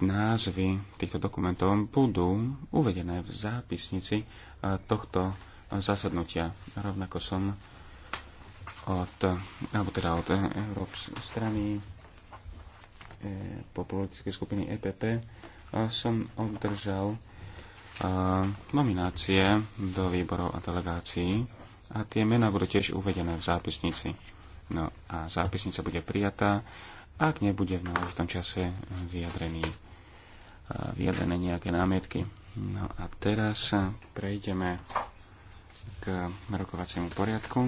názvy týchto dokumentov budú uvedené v zápisnici e, tohto zasadnutia. Rovnako som od, alebo teda od Európskej strany e, po politickej skupiny EPP e, som obdržal e, nominácie do výborov a delegácií a tie mená budú tiež uvedené v zápisnici. No a zápisnica bude prijatá ak nebude v náležitom čase vyjadrený, vyjadrené nejaké námietky. No a teraz prejdeme k rokovaciemu poriadku.